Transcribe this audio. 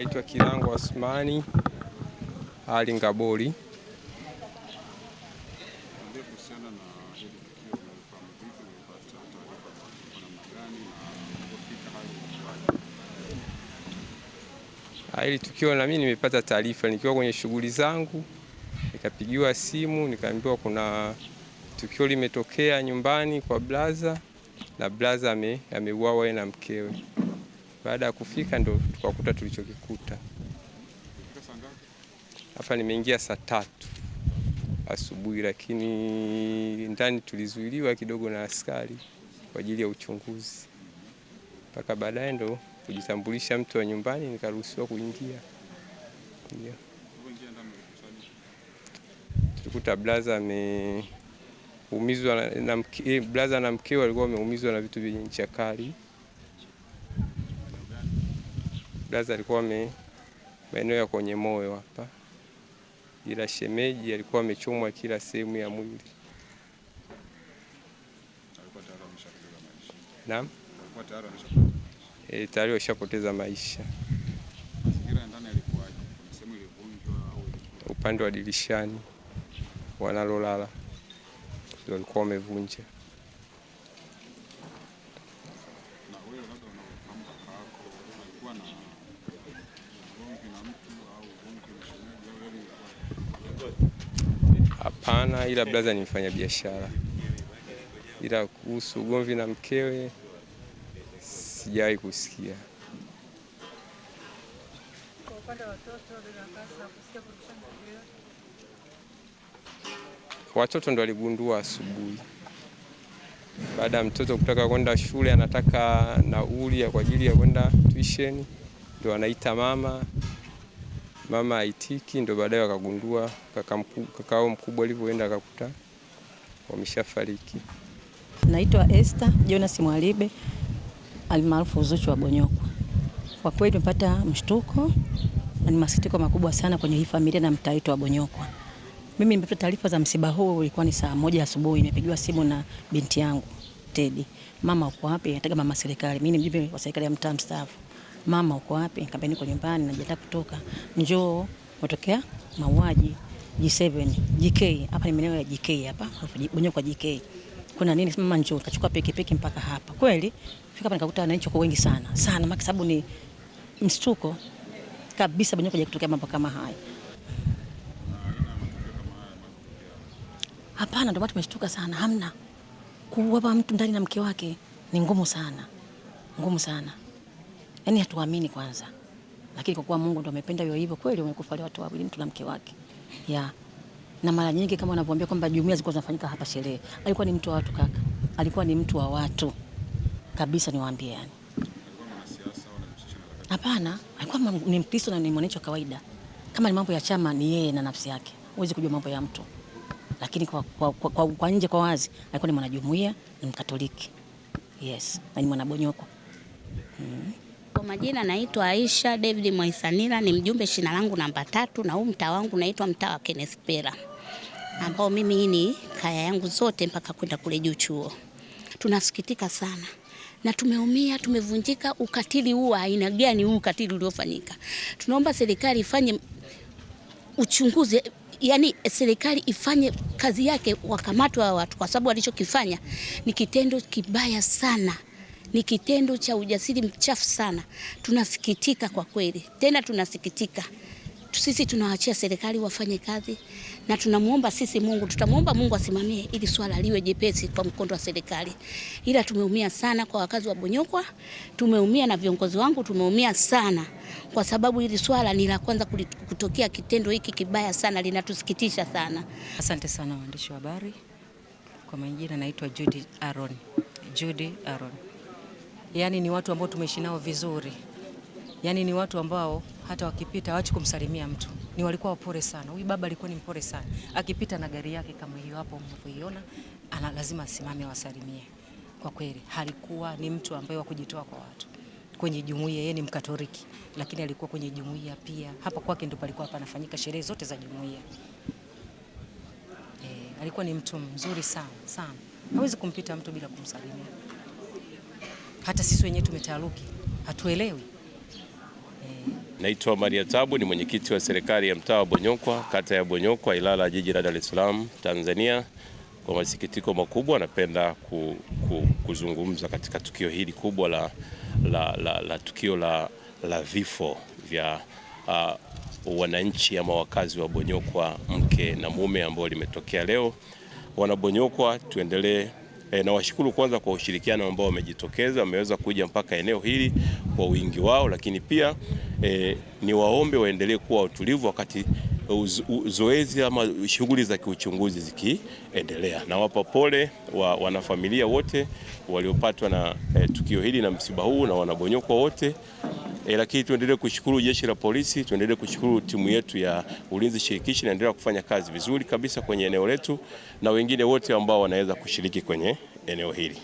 Naitwa Kilango Asmani Ali Ngaboli. Hili ah, tukio na mimi nimepata taarifa nikiwa kwenye shughuli zangu, nikapigiwa simu nikaambiwa kuna tukio limetokea nyumbani kwa blaza na blaza ameuawa na mkewe. Baada ya kufika ndo tukakuta tulichokikuta hapa. Nimeingia saa tatu asubuhi, lakini ndani tulizuiliwa kidogo na askari kwa ajili ya uchunguzi, mpaka baadaye ndo kujitambulisha mtu wa nyumbani nikaruhusiwa kuingia. Ndio tulikuta blaza umizwa na, na, blaza na mke walikuwa wameumizwa na vitu vyenye ncha kali. Braza alikuwa maeneo ya kwenye moyo hapa, ila shemeji alikuwa amechomwa kila sehemu ya mwili. Naam, tayari ameshapoteza maisha eh, upande wa dirishani wanalolala ndio walikuwa wamevunja. Hapana, ila blaza ni mfanya biashara, ila kuhusu ugomvi na mkewe sijawahi kusikia. Watoto ndo waligundua asubuhi, baada ya mtoto kutaka kwenda shule, anataka nauli kwa ajili ya kwenda tuisheni, ndo anaita mama mama aitiki, ndo baadaye wakagundua kakao mkubwa alivyoenda akakuta wameshafariki. Naitwa Esther Jonas Mwalibe almaarufu Zuchu wa Bonyokwa. Kwa kweli tumepata mshtuko na ni masikitiko makubwa sana kwenye hii familia na mtaa wetu wa Bonyokwa. Mimi nimepata taarifa za msiba huu, ilikuwa ni saa moja asubuhi, nimepigiwa simu na binti yangu Tedi, mama uko wapi? Nataka mama serikali, mimi ni mjumbe wa serikali ya mtaa mstaafu mama uko wapi? Nikamwambia niko nyumbani najiandaa kutoka. Njoo, matokea mauaji G7 GK hapa, ni maeneo ya GK hapa, bonyo kwa GK kuna nini? Mama njoo. Nikachukua pikipiki mpaka hapa. Kweli fika hapa nikakuta wananchi wako wengi sana sana, kwa sababu ni mshtuko kabisa, bonyo kwa kutokea mambo kama haya. Hapana, ndio watu wameshtuka sana, hamna kuwapa mtu ndani na mke wake ni ngumu sana, ngumu sana. Yaani hatuamini kwanza. Lakini kwa kuwa Mungu ndo amependa hiyo hivyo kweli umekufalia watu wawili mtu na mke wake. ya Na mara nyingi kama wanavyoambia kwamba jumuiya zilikuwa zinafanyika hapa sherehe. Alikuwa ni mtu wa watu kaka. Alikuwa ni mtu wa watu. Kabisa niwaambie yani. Hapana, alikuwa ni Mkristo na ni mwananchi wa kawaida. Kama ni mambo ya chama ni yeye na nafsi yake. Huwezi kujua mambo ya mtu. Lakini kwa, kwa, kwa, kwa, kwa nje kwa wazi alikuwa ni mwanajumuiya, ni Mkatoliki. Yes, na ni mwanabonyoko. Mm. Kwa majina naitwa Aisha David Mwaisanila, ni mjumbe shina langu namba tatu, na huu mtaa wangu naitwa mtaa wa Kenespera, ambao mimi hii ni kaya yangu zote mpaka kwenda kule juu chuo. Tunasikitika sana na tumeumia, tumevunjika. Ukatili huu aina gani huu ukatili uliofanyika? Tunaomba serikali ifanye uchunguzi, yani serikali ifanye kazi yake, wakamatwa watu, kwa sababu walichokifanya ni kitendo kibaya sana ni kitendo cha ujasiri mchafu sana. Tunasikitika kwa kweli, tena tunasikitika. Sisi tunawaachia serikali wafanye kazi, na tunamuomba sisi Mungu, tutamwomba Mungu asimamie ili swala liwe jepesi kwa mkondo wa serikali. Ila tumeumia sana kwa wakazi wa Bonyokwa, tumeumia na viongozi wangu, tumeumia sana kwa sababu hili swala ni la kwanza kutokea kitendo hiki kibaya sana, linatusikitisha sana. Asante sana waandishi wa habari. Kwa majina naitwa Judy Aaron. Judy Aaron yani ni watu ambao tumeishi nao vizuri, yani ni watu ambao hata wakipita hawachi kumsalimia mtu, ni walikuwa wapole sana. Huyu baba alikuwa ni mpole sana, akipita na gari yake kama hiyo hapo mnapoiona, ana lazima asimame awasalimie. Kwa kweli alikuwa ni mtu ambaye wa kujitoa kwa watu kwenye jumuiya. Yeye ni Mkatoliki, lakini alikuwa kwenye jumuiya pia. Hapa kwake ndipo palikuwa panafanyika sherehe zote za jumuiya. E, alikuwa ni mtu mzuri sana sana, hawezi kumpita mtu bila kumsalimia hata sisi wenyewe tumetaharuki, hatuelewi eh. Naitwa Maria Tabu, ni mwenyekiti wa serikali ya mtaa wa Bonyokwa, kata ya Bonyokwa, Ilala, jiji la Dar es Salaam, Tanzania. Kwa masikitiko makubwa, napenda ku, ku, kuzungumza katika tukio hili kubwa la, la, la, la tukio la, la vifo vya uh, wananchi ama wakazi wa Bonyokwa, mke na mume, ambao limetokea leo. Wanabonyokwa, tuendelee E, eh, na washukuru kwanza kwa ushirikiano ambao wamejitokeza, wameweza kuja mpaka eneo hili kwa wingi wao, lakini pia e, ni waombe waendelee kuwa utulivu wakati zoezi ama shughuli za kiuchunguzi zikiendelea. Nawapa pole wa wanafamilia wote waliopatwa na e, tukio hili na msiba huu na wanabonyokwa wote e, lakini tuendelee kushukuru jeshi la polisi, tuendelee kushukuru timu yetu ya ulinzi shirikishi inaendelea kufanya kazi vizuri kabisa kwenye eneo letu na wengine wote ambao wanaweza kushiriki kwenye eneo hili.